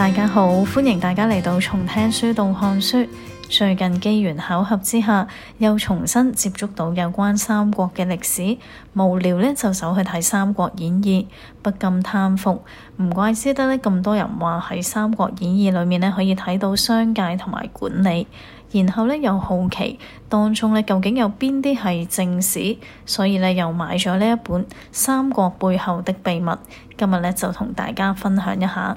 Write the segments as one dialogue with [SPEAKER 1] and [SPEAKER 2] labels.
[SPEAKER 1] 大家好，歡迎大家嚟到從聽書到看書。最近機緣巧合之下，又重新接觸到有關三國嘅歷史。無聊呢，就走去睇《三國演義》，不禁嘆服，唔怪之得呢，咁多人話喺《三國演義》裏面呢，可以睇到商界同埋管理。然後呢，又好奇當中呢，究竟有邊啲係正史，所以呢，又買咗呢一本《三國背後的秘密》。今日呢，就同大家分享一下。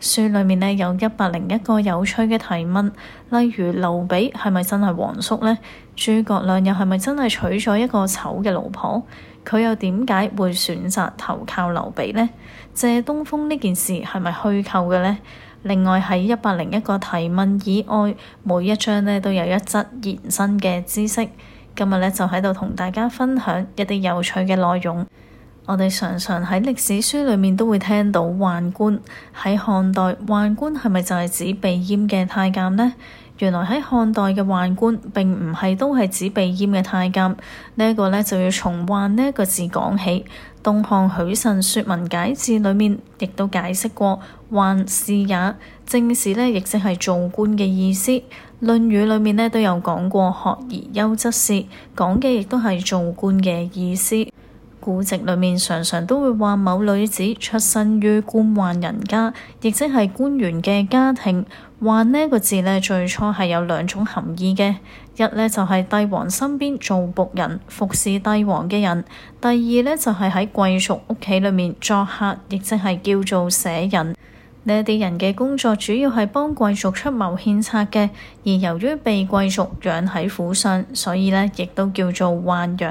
[SPEAKER 1] 書裏面呢有一百零一個有趣嘅提問，例如劉備係咪真係皇叔呢？諸葛亮又係咪真係娶咗一個醜嘅老婆？佢又點解會選擇投靠劉備呢？借東風呢件事係咪虛構嘅呢？另外喺一百零一個提問以外，每一章呢都有一則延伸嘅知識。今日呢，就喺度同大家分享一啲有趣嘅內容。我哋常常喺歷史書裏面都會聽到宦官喺漢代，宦官係咪就係指被閹嘅太監呢？原來喺漢代嘅宦官並唔係都係指被閹嘅太監。這個、呢一個咧就要從宦呢一個字講起。東漢許慎《說文解字》裏面亦都解釋過，宦，仕也，正是呢，亦即係做官嘅意思。《論語》裏面呢，都有講過學而優則仕，講嘅亦都係做官嘅意思。古籍裏面常常都會話某女子出身於官宦人家，亦即係官員嘅家庭。宦呢一個字呢，最初係有兩種含義嘅，一呢，就係、是、帝王身邊做僕人、服侍帝王嘅人；第二呢，就係喺貴族屋企裏面作客，亦即係叫做舍人。呢啲人嘅工作主要係幫貴族出謀獻策嘅，而由於被貴族養喺府上，所以咧亦都叫做宦養。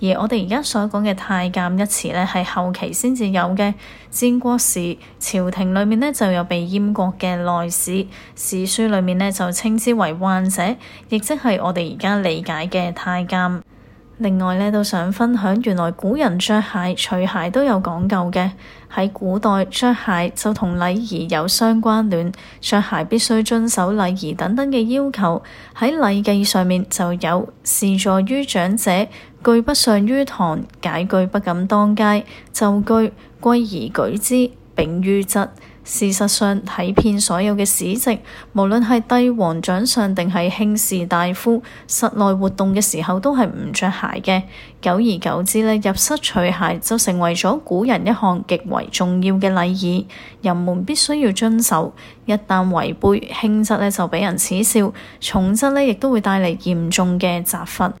[SPEAKER 1] 而我哋而家所講嘅太監一詞咧，係後期先至有嘅。戰國時朝廷裏面咧就有被閹割嘅內史，史書裏面咧就稱之為宦者，亦即係我哋而家理解嘅太監。另外呢，都想分享，原來古人着鞋、除鞋都有講究嘅。喺古代着鞋就同禮儀有相關聯，着鞋必須遵守禮儀等等嘅要求。喺禮記上面就有，侍坐於長者，屨不上於堂，解屨不敢當階，就屨歸而舉之，並於側。事實上，睇遍所有嘅史籍，無論係帝王將相定係卿士大夫，室內活動嘅時候都係唔着鞋嘅。久而久之，呢入室除鞋就成為咗古人一項極為重要嘅禮儀，人們必須要遵守。一旦違背，輕則呢就俾人恥笑，重則呢亦都會帶嚟嚴重嘅責罰。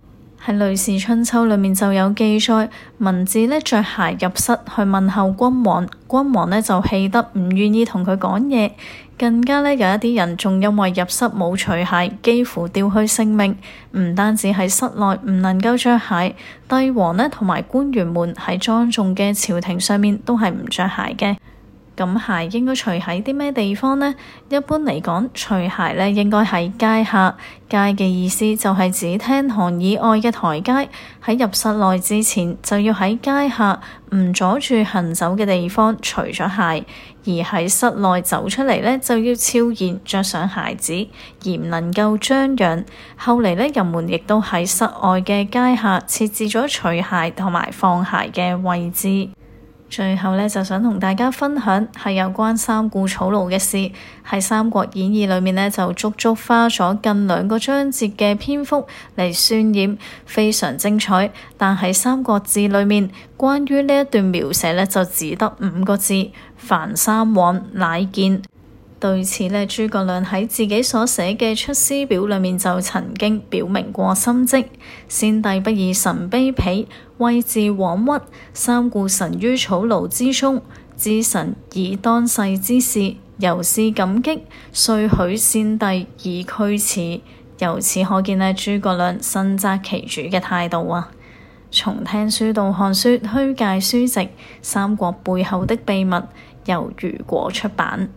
[SPEAKER 1] 喺《呂氏春秋》裏面就有記載，文字呢着鞋入室去問候君王，君王呢就氣得唔願意同佢講嘢，更加呢，有一啲人仲因為入室冇除鞋，幾乎掉去性命。唔單止喺室內唔能夠着鞋，帝王呢同埋官員們喺莊重嘅朝廷上面都係唔着鞋嘅。咁鞋應該除喺啲咩地方呢？一般嚟講，除鞋咧應該喺街下。街嘅意思就係指廳堂以外嘅台階。喺入室內之前，就要喺街下唔阻住行走嘅地方除咗鞋，而喺室內走出嚟咧就要悄然着上鞋子，而唔能夠張揚。後嚟咧，人們亦都喺室外嘅街下設置咗除鞋同埋放鞋嘅位置。最後呢，就想同大家分享係有關三顧草廬嘅事，喺《三國演義》裏面呢，就足足花咗近兩個章節嘅篇幅嚟渲染，非常精彩。但喺《三國志》裏面關於呢一段描寫呢，就只得五個字：凡三往，乃見。對此呢，諸葛亮喺自己所寫嘅《出師表》裏面就曾經表明過心跡。先帝不以臣卑鄙，猥自枉屈，三顧臣於草廬之中，諮臣以當世之事，由是感激，遂許先帝以驅馳。由此可見呢，諸葛亮身擇其主嘅態度啊。從聽書到看書，推介書籍《三國背後的秘密》，由如果出版。